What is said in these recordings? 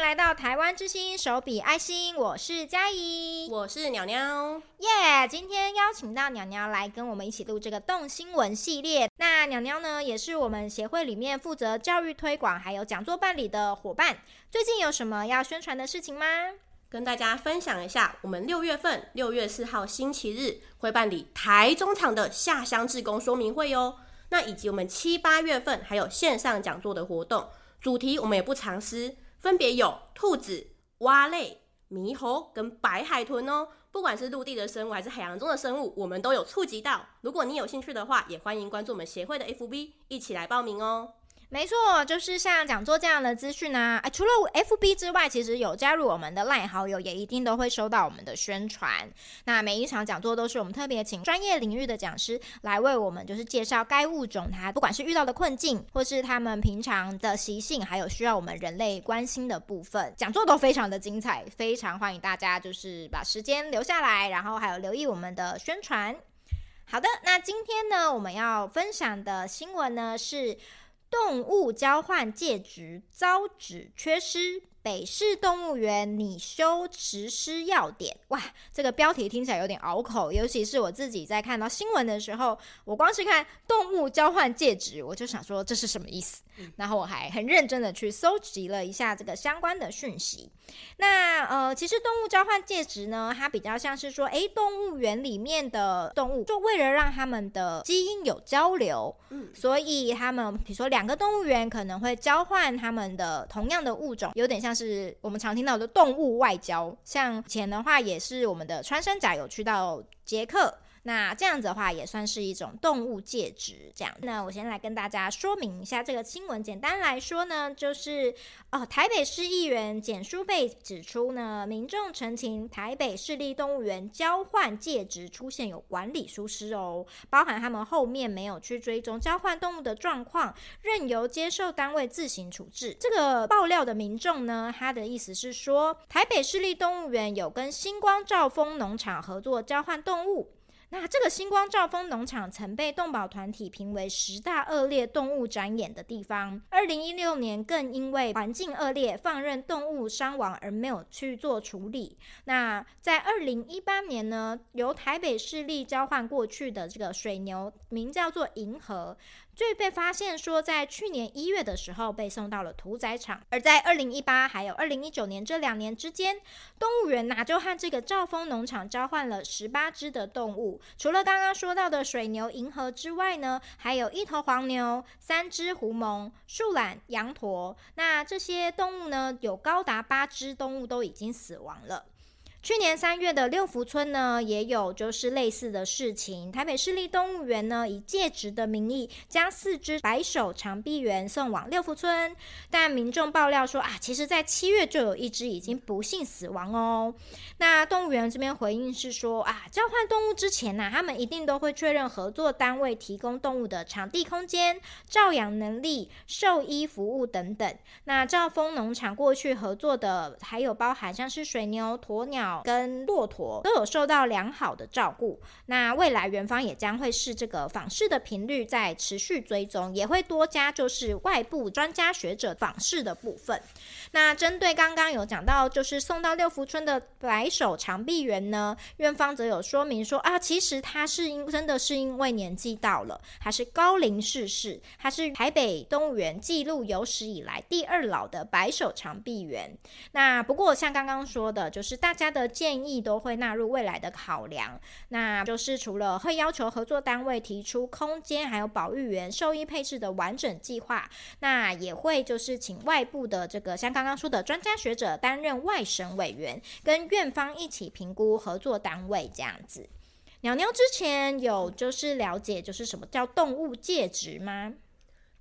來到台灣之星手筆愛心，我是佳怡，我是鳥鳥，耶！Yeah, 今天邀請到鳥鳥來跟我們一起錄這個動心聞系列。那鳥鳥呢，也是我們協會裡面負責教育推廣還有講座辦理的伙伴。最近有什麼要宣傳的事情嗎？跟大家分享一下，我們六月份六月四號星期日會辦理台中場的下鄉志工說明會喲。那以及我們七八月份還有線上講座的活動主題，我們也不藏私。分別有兔子、蛙類、獼猴跟白海豚哦、喔。不管是陸地的生物還是海洋中的生物，我們都有觸及到。如果你有興趣的話，也歡迎關注我們協會的 FB，一起來報名哦、喔。沒錯，就是像講座這樣的資訊呢。哎，除了 FB 之外，其實有加入我們的 LINE 好友也一定都會收到我們的宣傳。那每一場講座都是我們特別請專業領域的講師來為我們，就是介紹該物種它不管是遇到的困境，或是他們平常的習性，還有需要我們人類關心的部分。講座都非常的精彩，非常歡迎大家就是把時間留下來，然後還有留意我們的宣傳。好的，那今天呢，我們要分享的新聞呢是。動物交換借殖遭指缺失，北市動物園擬修實施要點。哇，這個標題聽起來有點拗口，尤其是我自己在看到新聞的時候，我光是看“動物交換借殖”，我就想說這是什麼意思。然後我還很認真的去蒐集了一下這個相關的訊息。那呃，其實動物交換借殖呢，它比較像是說，哎，動物園裡面的動物，就為了讓他們的基因有交流，嗯，所以他們比如說兩個動物園可能會交換他們的同樣的物種，有點像是我們常聽到的動物外交。像以前的話，也是我們的穿山甲有去到捷克。那這樣子的話也算是一種動物借殖，這樣。那我先來跟大家說明一下這個新聞。簡單來說呢，就是哦，台北市議員簡舒培指出呢，民眾陳情台北市立動物園交換借殖出現有管理疏失哦，包含他們後面沒有去追蹤交換動物的狀況，任由接受單位自行處置。這個爆料的民眾呢，他的意思是說，台北市立動物園有跟星光兆豐農場合作交換動物。那這個星光兆豐農場曾被動保團體評為十大惡劣動物展演的地方，二零一六年更因為環境惡劣放任動物傷亡而沒有去做處理。那在二零一八年呢，由台北市立交換過去的這個水牛，名叫做銀河。最被發現說，在去年一月的時候被送到了屠宰場，而在二零一八還有二零一九年這兩年之間，動物園那就和這個兆豐農場交換了十八隻的動物，除了剛剛說到的水牛、銀河之外呢，還有一頭黃牛、三隻狐獴、樹懶、羊駝。那這些動物呢，有高達八隻動物都已經死亡了。去年三月的六福村呢，也有就是類似的事情。台北市立動物園呢，以借殖的名義將四隻白手長臂猿送往六福村，但民眾爆料說啊，其實在七月就有一隻已經不幸死亡哦。那動物園這邊回應是說啊，交換動物之前呢，啊，他們一定都會確認合作單位提供動物的場地空間、照養能力、獸醫服務等等。那兆豐農場過去合作的還有包含像是水牛、鴕鳥。跟駱駝都有受到良好的照顧。那未來園方也將會是這個訪視的頻率在持續追蹤，也會多加就是外部專家學者訪視的部分。那針對剛剛有講到，就是送到六福村的白首長臂猿呢，園方則有說明說啊，其實他是因真的是因為年紀到了，他是高齡逝世，世，他是台北動物園記錄有史以來第二老的白首長臂猿。那不過像剛剛說的，就是大家的。的建議都會納入未來的考量，那就是除了會要求合作單位提出空間還有保育員、獸醫配置的完整計劃，那也會就是請外部的這個像剛剛說的專家學者擔任外審委員，跟院方一起評估合作單位這樣子。鳥鳥之前有就是了解，就是什麼叫動物借殖嗎？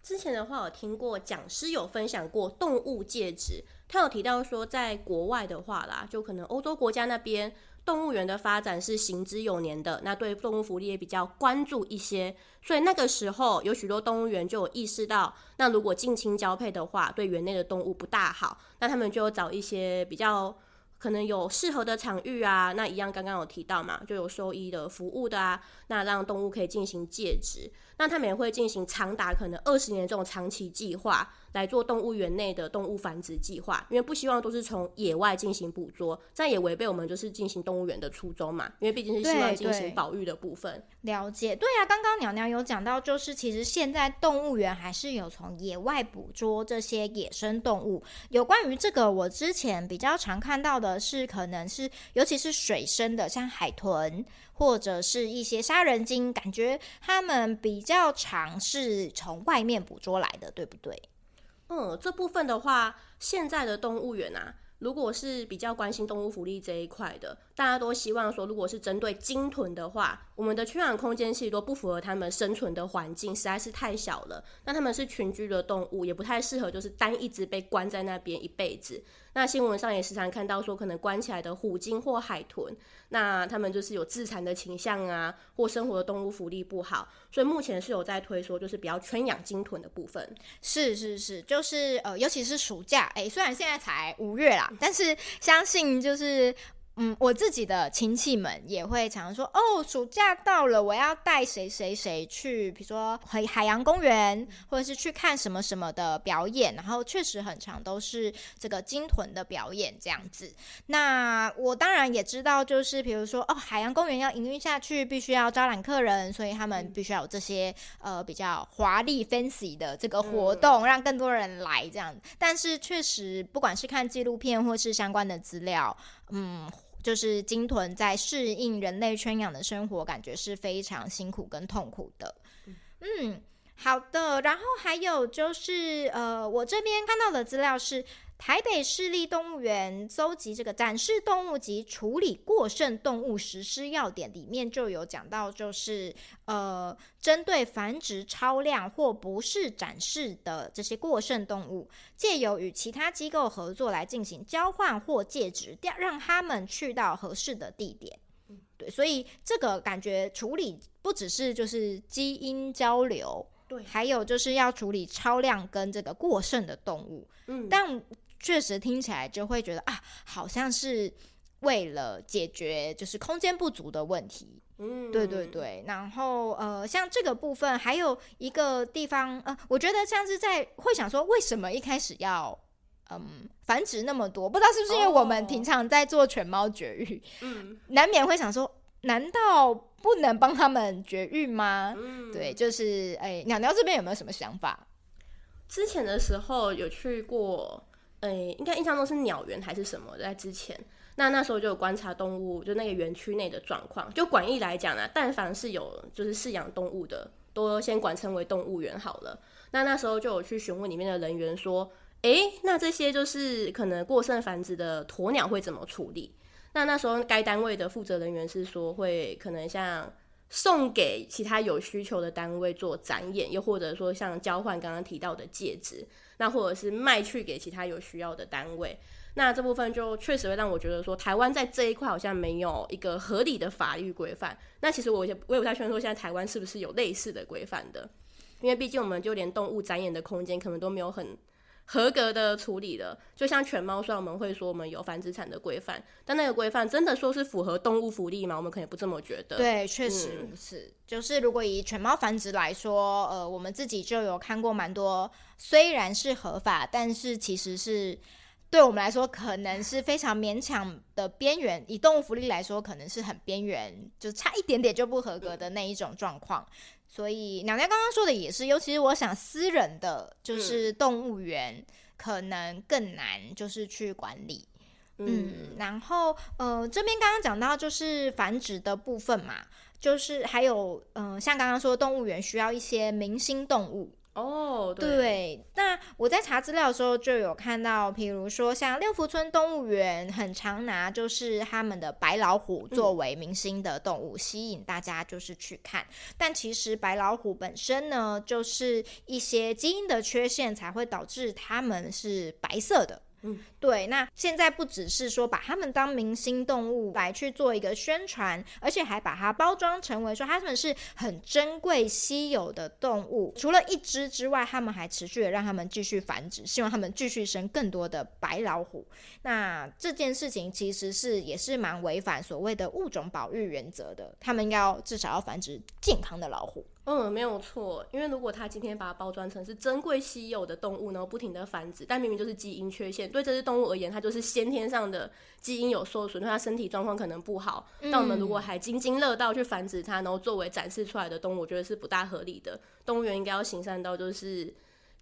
之前的話，我聽過講師有分享過動物借殖，他有提到說，在國外的話啦，就可能歐洲國家那邊動物園的發展是行之有年的，那對動物福利也比較關注一些，所以那個時候有許多動物園就有意識到，那如果近親交配的話，對園內的動物不大好，那他們就找一些比較可能有適合的場域啊，那一樣剛剛有提到嘛，就有獸醫的服務的啊，那讓動物可以進行借殖。那他們也會進行長達可能二十年這種長期計劃來做動物園內的動物繁殖計劃，因為不希望都是從野外進行捕捉，這樣也違背我們就是進行動物園的初衷嘛，因為畢竟是希望進行保育的部分。了解，對啊，剛剛鳥鳥有講到，就是其實現在動物園還是有從野外捕捉這些野生動物。有關於這個，我之前比較常看到的是，可能是尤其是水生的，像海豚。或者是一些殺人鯨，感覺他們比較常是從外面捕捉來的，對不對？嗯，這部分的話，現在的動物園啊，如果是比較關心動物福利這一塊的。大家都希望說，如果是針對鯨豚的話，我們的圈養空間其實都不符合它們生存的環境，實在是太小了。那它們是群居的動物，也不太適合，就是單一直被關在那邊一輩子。那新聞上也時常看到說，可能關起來的虎鯨或海豚，那它們就是有自殘的傾向啊，或生活的動物福利不好。所以目前是有在推說，就是比較圈養鯨豚的部分。是是是，就是呃，尤其是暑假，誒、欸，雖然現在才五月啦，但是相信就是。嗯，我自己的親戚們也會常說，哦，暑假到了，我要帶誰誰誰去，比如說回海洋公園，或者是去看什麼什麼的表演。然後確實很常都是這個鯨豚的表演這樣子。那我當然也知道，就是比如說，哦，海洋公園要營運下去，必須要招攬客人，所以他們必須要有這些、嗯、呃比較華麗 fancy 的這個活動，嗯、讓更多人來這樣子。但是確實，不管是看紀錄片或是相關的資料，嗯。就是鯨豚在適應人類圈養的生活，感覺是非常辛苦跟痛苦的。嗯，嗯，好的。然後還有就是，呃，我這邊看到的資料是。台北市立動物園蒐集這個展示動物及處理過剩動物實施要點裡面就有講到，就是呃，針對繁殖，超量或不適展示的這些過剩動物，借由與其他機構合作來進行交換或借殖，讓他們去到合適的地點。對，所以這個感覺處理不只是就是基因交流，對，還有就是要處理超量跟這個過剩的動物。嗯，但確實聽起來就會覺得啊，好像是為了解決就是空間不足的問題。嗯，對對對。然後呃，像這個部分還有一個地方呃，我覺得像是在會想說，為什麼一開始要嗯繁殖那麼多？不知道是不是因為我們平常在做犬貓絕育，哦、嗯，難免會想說，難道不能幫他們絕育嗎？嗯、對，就是哎，鳥鳥這邊有沒有什麼想法？之前的時候有去過。誒、欸，應該印象中是鳥園還是什麼？在之前，那那時候就有觀察動物，就那個園區內的狀況。就廣義來講呢、啊，但凡是有就是飼養動物的，都先管稱為動物園好了。那那時候就有去詢問裡面的人員說，誒、欸，那這些就是可能過剩繁殖的鴕鳥會怎麼處理？那那時候該單位的負責人員是說會可能像，送給其他有需求的單位做展演，又或者說像交換剛剛提到的借殖，那或者是賣去給其他有需要的單位，那這部分就確實會讓我覺得說，台灣在這一塊好像沒有一個合理的法律規範。那其實我我也不太確認說現在台灣是不是有類似的規範的，因為畢竟我們就連動物展演的空間可能都沒有很合格的處理的，就像犬貓，雖然我們會說我們有繁殖產的規範，但那個規範真的說是符合動物福利嗎？我們可能不這麼覺得。對，確實如此，嗯。就是如果以犬貓繁殖來說，呃，我們自己就有看過蠻多，雖然是合法，但是其實是對我們來說可能是非常勉強的邊緣。以動物福利來說，可能是很邊緣，就差一點點就不合格的那一種狀況。嗯所以，娘娘剛剛說的也是，尤其是我想私人的，就是動物園可能更難，就是去管理。嗯，嗯，然後呃，這邊剛剛講到就是繁殖的部分嘛，就是還有嗯、呃，像剛剛說動物園需要一些明星動物。哦，oh, 對，對，那我在查資料的時候就有看到，譬如說像六福村動物園，很常拿就是他們的白老虎作為明星的動物，嗯、吸引大家就是去看。但其實白老虎本身呢，就是一些基因的缺陷才會導致它們是白色的。嗯，對，那現在不只是說把它們當明星動物來去做一個宣傳，而且還把它包裝成為說它們是很珍貴稀有的動物。除了一隻之外，他們還持續的讓他們繼續繁殖，希望他們繼續生更多的白老虎。那這件事情其實是也是蠻違反所謂的物種保育原則的，他們要至少要繁殖健康的老虎。嗯、哦，沒有錯，因為如果他今天把它包裝成是珍貴稀有的動物，然後不停的繁殖，但明明就是基因缺陷，對這隻動物而言，它就是先天上的基因有受損，它身體狀況可能不好。那我們如果還津津樂道去繁殖它，然後作為展示出來的動物，我覺得是不大合理的。動物園應該要行善到就是。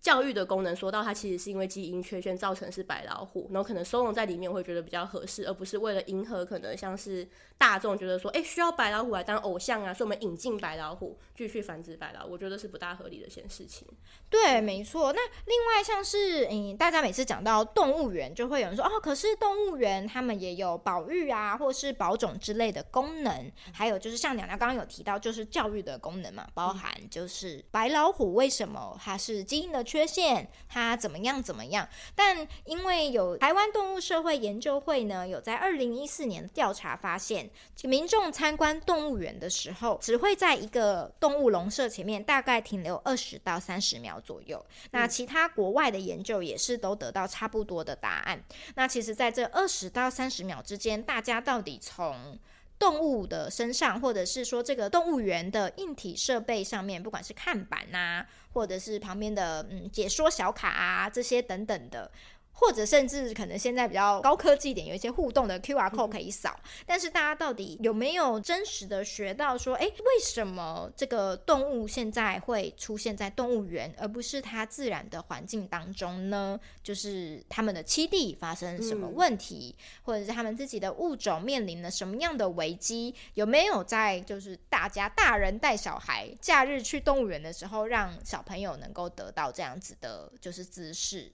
教育的功能說到，它其實是因為基因缺陷造成是白老虎，然後可能收容在裡面會覺得比較合適，而不是為了迎合可能像是大眾覺得說，哎，需要白老虎來當偶像啊，所以我們引進白老虎繼續繁殖白老虎，我覺得是不大合理的一件事情。對，沒錯。那另外像是嗯，大家每次講到動物園，就會有人說，哦，可是動物園他們也有保育啊，或是保種之類的功能，還有就是像娘娘剛剛有提到，就是教育的功能嘛，包含就是白老虎為什麼它是基因的缺陷，它怎麼樣？怎麼樣？但因為有台灣動物社會研究會呢，有在二零一四年調查發現，民眾參觀動物園的時候，只會在一個動物籠舍前面大概停留二十到三十秒左右。嗯、那其他國外的研究也是都得到差不多的答案。那其實，在這二十到三十秒之間，大家到底從動物的身上，或者是說這個動物園的硬體設備上面，不管是看板呐、啊。或者是旁邊的，嗯，解說小卡啊，這些等等的。或者甚至可能現在比較高科技一點，有一些互動的 QR code 可以掃，嗯、但是大家到底有沒有真實的學到說，誒、欸，為什麼這個動物現在會出現在動物園，而不是它自然的環境當中呢？就是他們的棲地發生什麼問題，嗯、或者是他們自己的物種面臨了什麼樣的危機？有沒有在就是大家大人帶小孩假日去動物園的時候，讓小朋友能夠得到這樣子的，就是知識？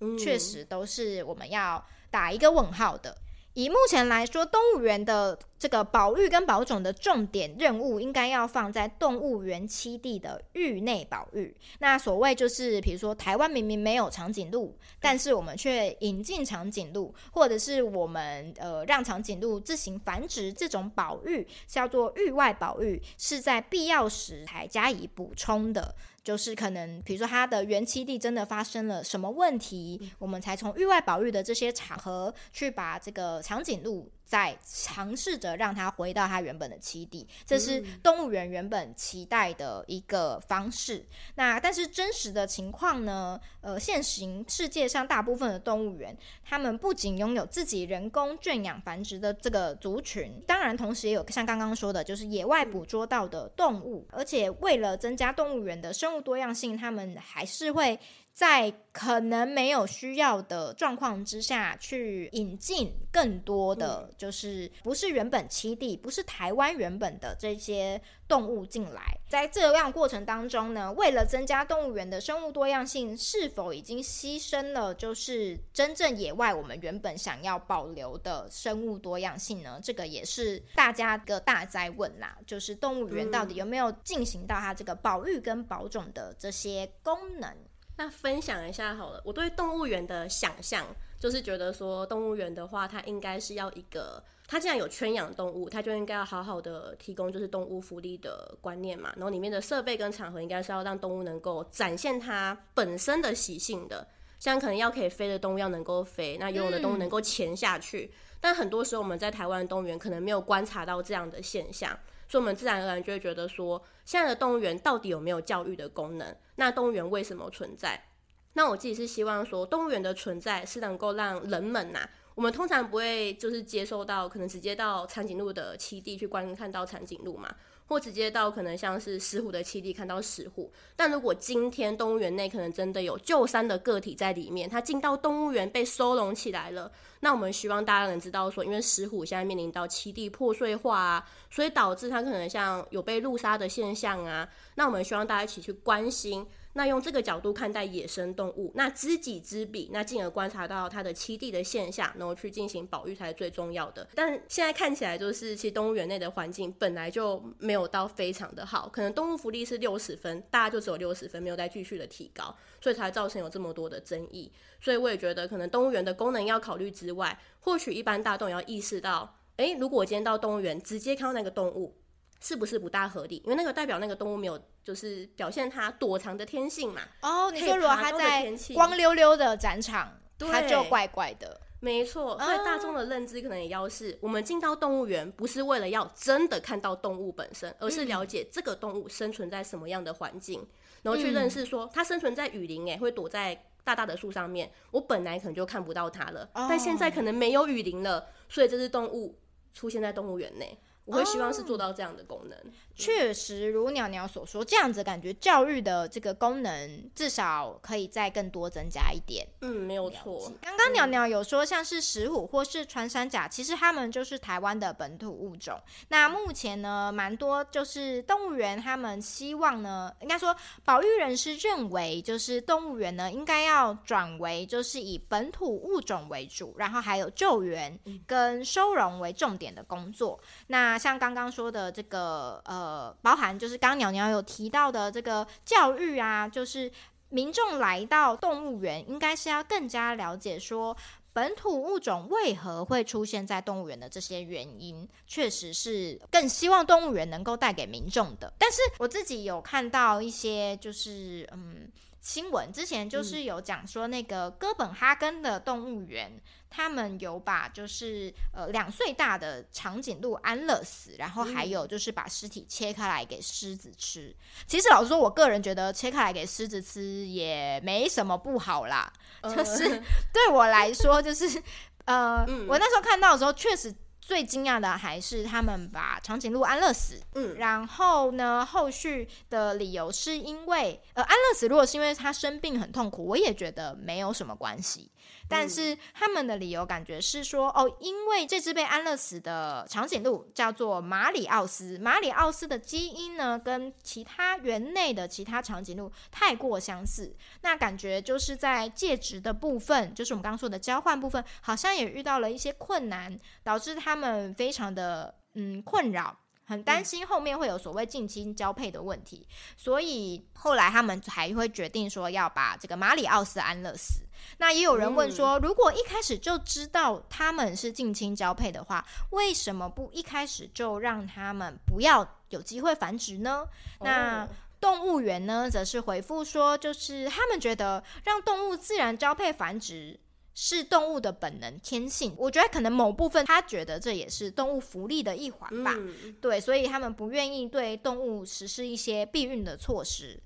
確實都是我們要打一個問號的。以目前來說，動物園的這個保育跟保種的重點任務，應該要放在動物園棲地的域內保育。那所謂就是，比如說台灣明明沒有長頸鹿，但是我們卻引進長頸鹿，或者是我們呃讓長頸鹿自行繁殖這種保育，叫做域外保育，是在必要時才加以補充的。就是可能，比如說它的原棲地真的發生了什麼問題，我們才從域外保育的這些場合去把這個長頸鹿。在嘗試着讓它回到它原本的棲地，這是動物園原本期待的一個方式。嗯、那但是真實的情況呢？呃，現行世界上大部分的動物園，他們不僅擁有自己人工圈養繁殖的這個族群，當然同時也有像剛剛說的，就是野外捕捉到的動物。嗯、而且為了增加動物園的生物多樣性，他們還是會。在可能沒有需要的狀況之下去引進更多的，就是不是原本棲地、不是台灣原本的這些動物進來。在這樣過程當中呢，為了增加動物園的生物多樣性，是否已經犧牲了就是真正野外我們原本想要保留的生物多樣性呢？這個也是大家的個大哉問吶，就是動物園到底有沒有進行到它這個保育跟保種的這些功能？那分享一下好了，我對動物園的想象就是覺得說，動物園的話，它應該是要一個，它既然有圈養動物，它就應該要好好的提供就是動物福利的觀念嘛。然後裡面的設備跟場合應該是要讓動物能夠展現它本身的習性的，像可能要可以飛的動物要能夠飛，那游泳的動物能夠潛下去。嗯。但很多時候我們在台灣的動物園可能沒有觀察到這樣的現象。所以，我們自然而然就會覺得說，現在的動物園到底有沒有教育的功能？那動物園為什麼存在？那我自己是希望說，動物園的存在是能夠讓人們吶、啊，我們通常不會就是接受到，可能直接到長頸鹿的棲地去觀看到長頸鹿嘛。或直接到可能像是石虎的棲地看到石虎，但如果今天動物園內可能真的有救傷的個體在裡面，它進到動物園被收容起來了，那我們希望大家能知道說，因為石虎現在面臨到棲地破碎化啊，所以導致它可能像有被路殺的現象啊，那我們希望大家一起去關心。那用這個角度看待野生動物，那知己知彼，那進而觀察到它的棲地的現象，然後去進行保育才是最重要的。但現在看起來，就是其實動物園內的環境本來就沒有到非常的好，可能動物福利是六十分，大家就只有六十分，沒有再繼續的提高，所以才造成有這麼多的爭議。所以我也覺得，可能動物園的功能要考慮之外，或許一般大眾也要意識到，哎，如果我今天到動物園直接看到那個動物，是不是不大合理？因為那個代表那個動物沒有，就是表現它躲藏的天性嘛。哦、oh,，你說如果它在光溜溜的展場，它對就怪怪的。沒錯，所以大眾的認知可能也要是、oh. 我們進到動物園，不是為了要真的看到動物本身，而是了解這個動物生存在什麼樣的環境，嗯、然後去認識說它生存在雨林誒，會躲在大大的樹上面。我本來可能就看不到它了，oh. 但現在可能沒有雨林了，所以這隻動物出現在動物園內。我會希望是做到這樣的功能，確、哦嗯、實如鳥鳥所說，這樣子感覺教育的這個功能至少可以再更多增加一點。嗯，沒有錯。剛剛了解、嗯、鳥鳥有說，像是石虎或是穿山甲，其實他們就是台灣的本土物種。那目前呢，蠻多就是動物園，他們希望呢，應該說，保育人士認為，就是動物園呢，應該要轉為就是以本土物種為主，然後還有救援跟收容為重點的工作。嗯、那像剛剛說的這個，呃，包含就是剛剛鳥鳥有提到的這個教育啊，就是民眾來到動物園應該是要更加了解說本土物種為何會出現在動物園的這些原因，確實是更希望動物園能夠帶給民眾的。但是我自己有看到一些，就是嗯。新聞之前就是有講說，那個哥本哈根的動物園，嗯、他們有把就是呃兩歲大的長頸鹿安樂死，然後還有就是把屍體切開來給獅子吃。嗯、其實老實說，我個人覺得切開來給獅子吃也沒什麼不好啦，呃、就是對我來說，就是 呃，我那時候看到的時候確實。最驚訝的還是他們把長頸鹿安樂死，嗯，然後呢，後續的理由是因為，呃，安樂死如果是因為他生病很痛苦，我也覺得沒有什麼關係。但是他們的理由感覺是說，哦，因為這只被安樂死的長頸鹿叫做馬里奧斯，馬里奧斯的基因呢跟其他園內的其他長頸鹿太過相似，那感覺就是在借殖的部分，就是我們剛剛說的交換部分，好像也遇到了一些困難，導致他們非常的嗯困擾，很擔心後面會有所謂近親交配的問題，所以後來他們才會決定說要把這個馬里奧斯安樂死。那也有人問說，如果一開始就知道他們是近親交配的話，為什麼不一開始就讓他們不要有機會繁殖呢？那動物園呢，則是回復說，就是他們覺得讓動物自然交配繁殖是動物的本能天性。我覺得可能某部分他覺得這也是動物福利的一環吧。嗯、對，所以他們不願意對動物實施一些避孕的措施。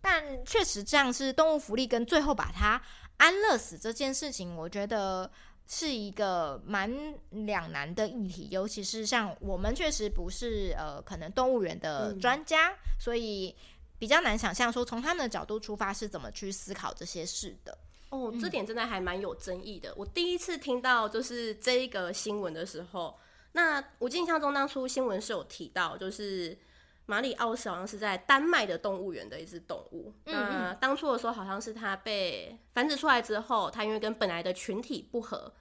但確實這樣是動物福利跟最後把它。安樂死這件事情，我覺得是一個蠻兩難的議題，尤其是像我們確實不是呃，可能動物園的專家，嗯、所以比較難想象說從他們的角度出發是怎麼去思考這些事的。哦，這點真的還蠻有爭議的。嗯、我第一次聽到就是這一個新聞的時候，那我印象中當初新聞是有提到，就是。馬里奧斯好像是在丹麥的動物園的一隻動物。嗯，嗯，當初的時候，好像是它被繁殖出來之後，它因為跟本來的群體不合。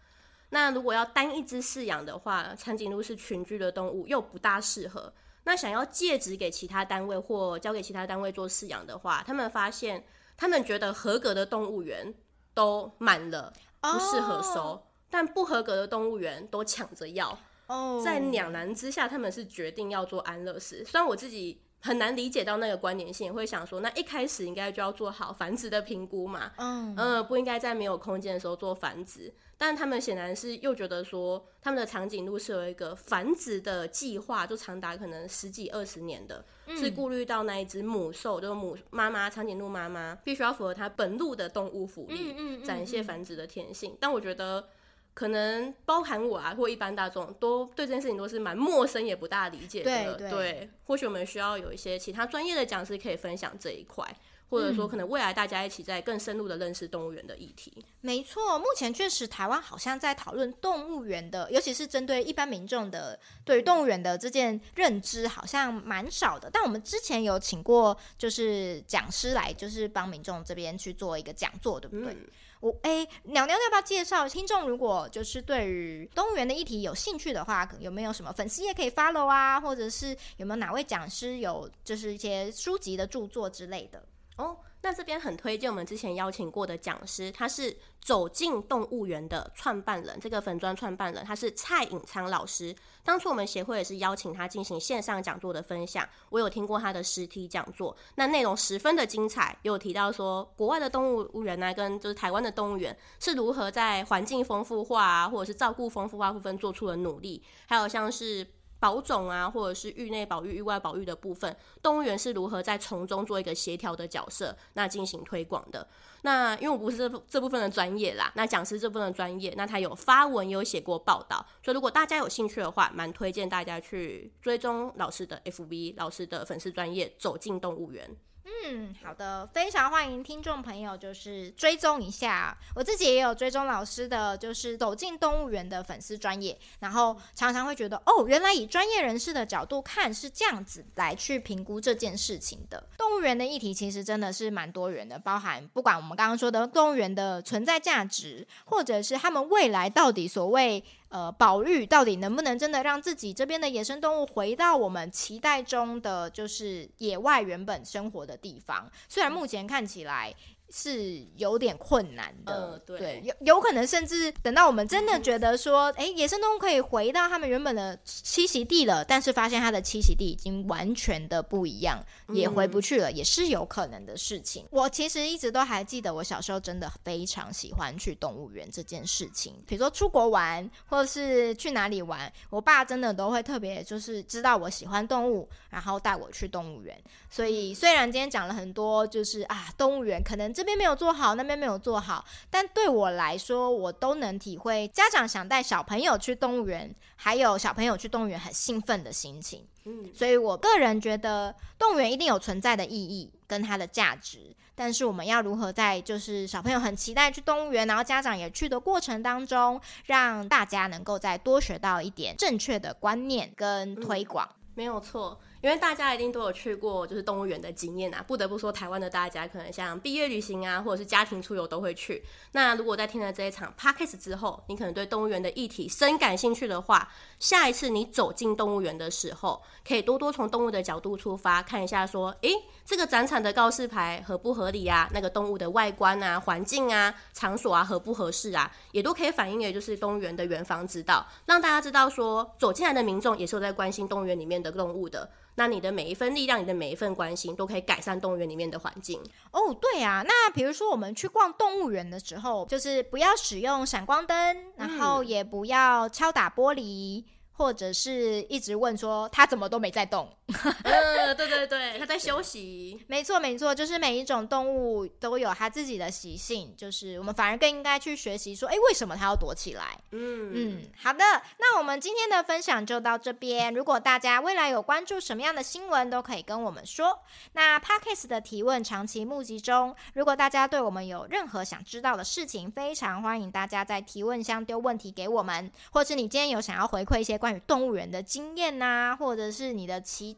那如果要單一只飼養的話，長頸鹿是群居的動物，又不大適合。那想要借殖給其他單位或交給其他單位做飼養的話，他們發現他們覺得合格的動物園都滿了，哦、不適合收；但不合格的動物園都搶着要。Oh, okay. 在兩難之下，他們是決定要做安樂死。雖然我自己很難理解到那個關聯性，也會想說，那一開始應該就要做好繁殖的評估嘛。嗯、oh. 呃，不應該在沒有空間的時候做繁殖。但他們顯然是又覺得說，他們的長頸鹿是有一個繁殖的計劃，就長達可能十幾二十年的，嗯、是顧慮到那一隻母獸，就是母媽媽長頸鹿媽媽，必須要符合它本鹿的動物福利，嗯嗯嗯嗯嗯展現繁殖的天性。但我覺得。可能包含我啊，或一般大眾都對這件事情都是蠻陌生，也不大理解的。對，對，或許我們需要有一些其他專業的講師可以分享這一塊。或者說，可能未來大家一起在更深入的認識動物園的議題。嗯、沒錯，目前確實台灣好像在討論動物園的，尤其是針對一般民眾的對於動物園的這件認知好像蠻少的。但我們之前有請過就是講師來，就是幫民眾這邊去做一個講座，對不對？嗯、我哎，鳥、欸、鳥要不要介紹聽眾？如果就是對於動物園的議題有興趣的話，有沒有什麼粉絲頁可以 follow 啊？或者是有沒有哪位講師有就是一些書籍的著作之類的？哦，那這邊很推薦我們之前邀請過的講師，他是走進動物園的創辦人，這個粉專創辦人，他是蔡穎昌老師。當初我們協會也是邀請他進行線上講座的分享，我有聽過他的實體講座，那內容十分的精彩，有提到說，國外的動物園呢、啊，跟就是台灣的動物園是如何在環境豐富化，啊，或者是照顧豐富化部分做出了努力，還有像是。保種啊，或者是域內保育、域外保育的部分，動物園是如何在從中做一個協調的角色，那進行推廣的？那因為我不是這這部分的專業啦，那講師這部分的專業，那他有發文，有寫過報道，所以如果大家有興趣的話，蠻推薦大家去追蹤老師的 FB 老師的粉絲專頁，走進動物園。嗯，好的，非常歡迎聽眾朋友，就是追蹤一下，我自己也有追蹤老師的，就是走進動物園的粉絲專頁，然後常常會覺得，哦，原來以專業人士的角度看是這樣子來去評估這件事情的。動物園的議題其實真的是蠻多元的，包含不管我們剛剛說的動物園的存在價值，或者是他們未來到底所謂。呃，保育到底能不能真的讓自己這邊的野生動物回到我們期待中的，就是野外原本生活的地方？雖然目前看起來。是有點困難的，呃、對，對，有有可能甚至等到我們真的覺得說，哎、嗯哼，野生動物可以回到它們原本的棲息地了，但是發現它的棲息地已經完全的不一樣，也回不去了，嗯、哼也是有可能的事情。我其實一直都還記得，我小時候真的非常喜歡去動物園這件事情，比如說出國玩，或者是去哪裡玩，我爸真的都會特別就是知道我喜歡動物，然後帶我去動物園。所以、嗯、哼雖然今天講了很多，就是啊，動物園可能這這邊沒有做好，那邊沒有做好，但對我來說，我都能體會家長想帶小朋友去動物園，還有小朋友去動物園很興奮的心情。嗯，所以我個人覺得動物園一定有存在的意義跟它的價值，但是我們要如何在就是小朋友很期待去動物園，然後家長也去的過程當中，讓大家能夠再多學到一點正確的觀念跟推廣，嗯、沒有錯。因為大家一定都有去過就是動物園的經驗啊，不得不說，台灣的大家可能像畢業旅行啊，或者是家庭出遊都會去。那如果在聽了這一場 podcast 之後，你可能對動物園的議題深感興趣的話，下一次你走進動物園的時候，可以多多從動物的角度出發，看一下說，誒，這個展場的告示牌合不合理啊？那個動物的外觀啊、環境啊、場所啊合不合適啊？也都可以反映，也就是動物園的園方知道，讓大家知道說，走進來的民眾也是有在關心動物園裡面的動物的。那你的每一份力量，你的每一份關心，都可以改善動物園裡面的環境。哦，對啊，那比如說我們去逛動物園的時候，就是不要使用閃光燈，嗯、然後也不要敲打玻璃，或者是一直問說它怎麼都沒在動。 呃，對對對，他在休息，對沒錯沒錯，就是每一種動物都有它自己的習性，就是我們反而更應該去學習說，哎，為什麼它要躲起來？嗯嗯，好的，那我們今天的分享就到這邊。如果大家未來有關注什麼樣的新聞，都可以跟我們說。那 Podcast 的提問長期募集中，如果大家對我們有任何想知道的事情，非常歡迎大家在提問箱丟問題給我們，或是你今天有想要回饋一些關於動物園的經驗吶、啊，或者是你的奇。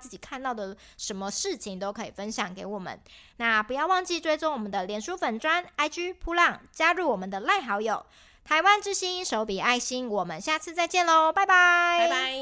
自己看到的什麼事情都可以分享給我們。那不要忘記追蹤我們的臉書粉專、IG 噗浪，加入我們的賴好友。台灣之星手比愛心，我們下次再見嘍，拜拜，拜拜。